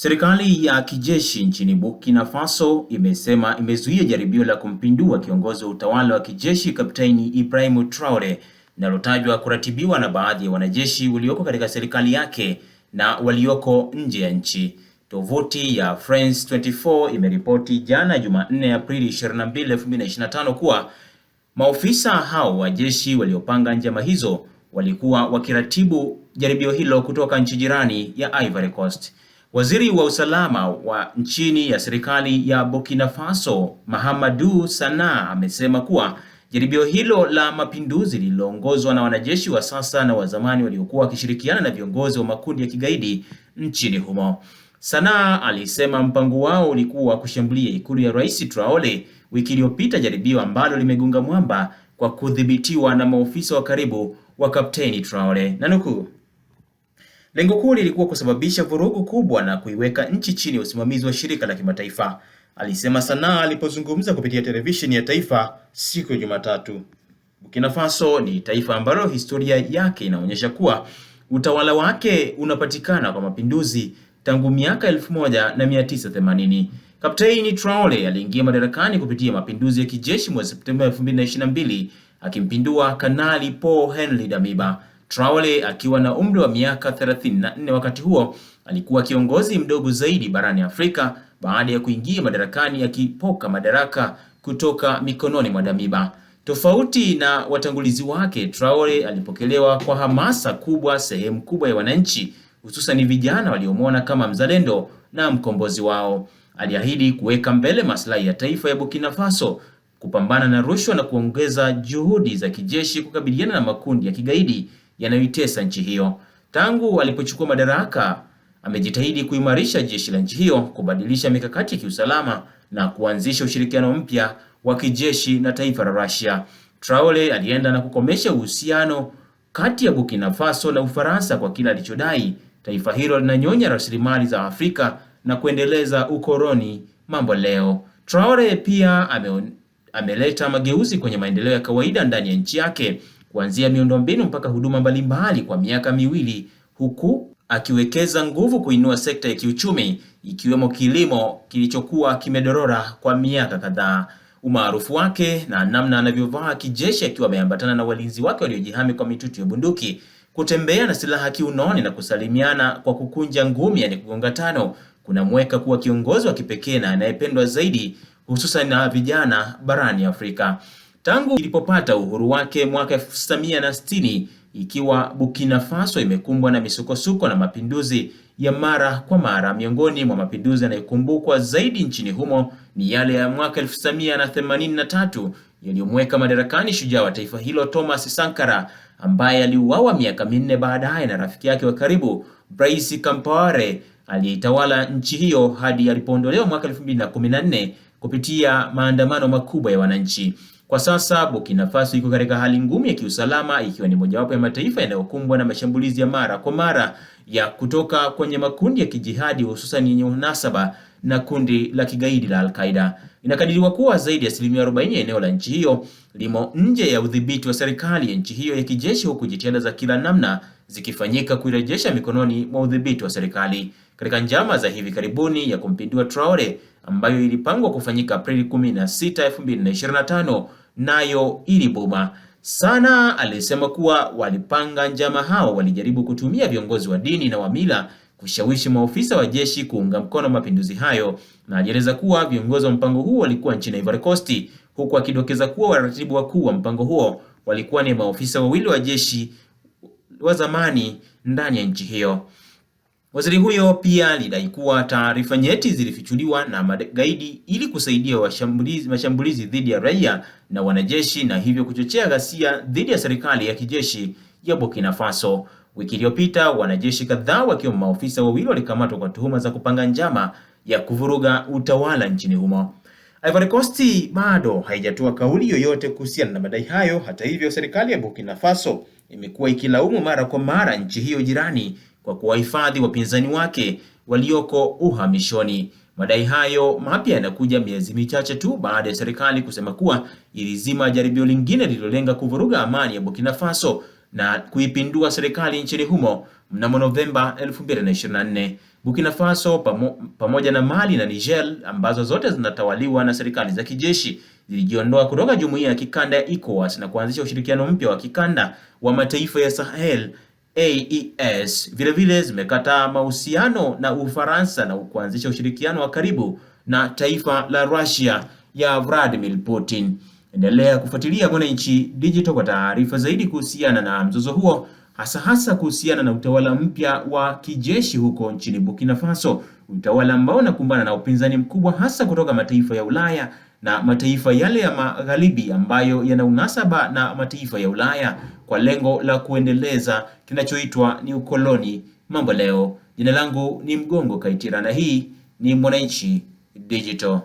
Serikali ya kijeshi nchini Burkina Faso imesema imezuia jaribio la kumpindua kiongozi wa utawala wa kijeshi Kapteni Ibrahim Traore linalotajwa kuratibiwa na baadhi ya wanajeshi walioko katika serikali yake na walioko nje ya nchi. Tovuti ya France 24 imeripoti jana Jumanne, Aprili 22, 2025 kuwa maofisa hao wa jeshi waliopanga njama hizo walikuwa wakiratibu jaribio hilo kutoka nchi jirani ya Ivory Coast. Waziri wa usalama wa nchini ya serikali ya Burkina Faso, Mahamadou Sana, amesema kuwa jaribio hilo la mapinduzi lililoongozwa na wanajeshi wa sasa na wa zamani waliokuwa wakishirikiana na viongozi wa makundi ya kigaidi nchini humo. Sanaa alisema mpango wao ulikuwa kushambulia ikulu ya Rais Traore wiki iliyopita, jaribio ambalo limegonga mwamba kwa kudhibitiwa na maofisa wa karibu wa Kapteni Traore. Nanukuu, Lengo kuu lilikuwa kusababisha vurugu kubwa na kuiweka nchi chini ya usimamizi wa shirika la kimataifa, alisema Sanaa alipozungumza kupitia televisheni ya taifa siku ya Jumatatu. Burkina Faso ni taifa ambalo historia yake inaonyesha kuwa utawala wake unapatikana kwa mapinduzi tangu miaka 1980. Kapteni Traore aliingia madarakani kupitia mapinduzi ya kijeshi mwezi Septemba 2022 akimpindua Kanali Paul Henri Damiba. Traore akiwa na umri wa miaka 34 wakati huo alikuwa kiongozi mdogo zaidi barani Afrika baada ya kuingia madarakani akipoka madaraka kutoka mikononi mwa Damiba. Tofauti na watangulizi wake, Traore alipokelewa kwa hamasa kubwa sehemu kubwa ya wananchi, hususan vijana waliomwona kama mzalendo na mkombozi wao. Aliahidi kuweka mbele maslahi ya taifa ya Burkina Faso, kupambana na rushwa na kuongeza juhudi za kijeshi kukabiliana na makundi ya kigaidi yanayoitesa nchi hiyo. Tangu alipochukua madaraka, amejitahidi kuimarisha jeshi la nchi hiyo, kubadilisha mikakati ya kiusalama na kuanzisha ushirikiano mpya wa kijeshi na taifa la Russia. Traore alienda na kukomesha uhusiano kati ya Burkina Faso na Ufaransa kwa kile alichodai taifa hilo linanyonya rasilimali za Afrika na kuendeleza ukoloni mambo leo. Traore pia ame, ameleta mageuzi kwenye maendeleo ya kawaida ndani ya nchi yake kuanzia miundombinu mpaka huduma mbalimbali kwa miaka miwili, huku akiwekeza nguvu kuinua sekta ya kiuchumi ikiwemo kilimo kilichokuwa kimedorora kwa miaka kadhaa. Umaarufu wake na namna anavyovaa kijeshi akiwa ameambatana na walinzi wake waliojihami kwa mitutu ya bunduki, kutembea na silaha kiunoni na kusalimiana kwa kukunja ngumi, yani kugonga tano, kunamweka kuwa kiongozi wa kipekee na anayependwa zaidi hususan na vijana barani Afrika. Tangu ilipopata uhuru wake mwaka 1960 ikiwa Burkina Faso imekumbwa na misukosuko na mapinduzi ya mara kwa mara. Miongoni mwa mapinduzi yanayokumbukwa zaidi nchini humo ni yale ya mwaka 1983 yaliyomweka madarakani shujaa wa taifa hilo Thomas Sankara ambaye aliuawa miaka minne baadaye na rafiki yake wa karibu Brice Compaore aliyeitawala nchi hiyo hadi alipoondolewa mwaka 2014 kupitia maandamano makubwa ya wananchi. Kwa sasa Burkina Faso iko katika hali ngumu ya kiusalama ikiwa ni mojawapo ya mataifa yanayokumbwa na mashambulizi ya mara kwa mara ya kutoka kwenye makundi ya kijihadi hususan yenye unasaba na kundi la kigaidi la Al-Qaeda. Inakadiriwa kuwa zaidi ya asilimia 40 ya eneo la nchi hiyo limo nje ya udhibiti wa serikali ya nchi hiyo ya kijeshi, huku jitihada za kila namna zikifanyika kuirejesha mikononi mwa udhibiti wa serikali. Katika njama za hivi karibuni ya kumpindua Traore ambayo ilipangwa kufanyika Aprili 16, 2025 nayo ilibuma sana. Alisema kuwa walipanga njama hao walijaribu kutumia viongozi wa dini na wa mila kushawishi maofisa wa jeshi kuunga mkono mapinduzi hayo, na alieleza kuwa viongozi wa mpango huo walikuwa nchini Ivory Coast, huku akidokeza kuwa waratibu wakuu wa mpango huo walikuwa ni maofisa wawili wa jeshi wa zamani ndani ya nchi hiyo. Waziri huyo pia alidai kuwa taarifa nyeti zilifichuliwa na magaidi ili kusaidia mashambulizi dhidi ya raia na wanajeshi na hivyo kuchochea ghasia dhidi ya serikali ya kijeshi ya Burkina Faso. Wiki iliyopita, wanajeshi kadhaa wakiwa maofisa wawili walikamatwa kwa tuhuma za kupanga njama ya kuvuruga utawala nchini humo. Ivory Coast bado haijatoa kauli yoyote kuhusiana na madai hayo. Hata hivyo, serikali ya Burkina Faso imekuwa ikilaumu mara kwa mara nchi hiyo jirani kwa kuwahifadhi wapinzani wake walioko uhamishoni. Madai hayo mapya yanakuja miezi michache tu baada ya serikali kusema kuwa ilizima jaribio lingine lililolenga kuvuruga amani ya Burkina Faso na kuipindua serikali nchini humo mnamo Novemba 2024. Burkina Faso pamo, pamoja na Mali na Niger ambazo zote zinatawaliwa na serikali za kijeshi zilijiondoa kutoka jumuiya ya kikanda ya ECOWAS na kuanzisha ushirikiano mpya wa kikanda wa mataifa ya Sahel AES vilevile zimekataa mahusiano na Ufaransa na kuanzisha ushirikiano wa karibu na taifa la Russia ya Vladimir Putin. Endelea kufuatilia Mwananchi Digital kwa taarifa zaidi kuhusiana na mzozo huo hasa hasa kuhusiana na utawala mpya wa kijeshi huko nchini Burkina Faso, utawala ambao unakumbana na upinzani mkubwa hasa kutoka mataifa ya Ulaya na mataifa yale ya magharibi ambayo yana unasaba na mataifa ya Ulaya kwa lengo la kuendeleza kinachoitwa ni ukoloni mambo leo. Jina langu ni Mgongo Kaitira na hii ni Mwananchi Digital.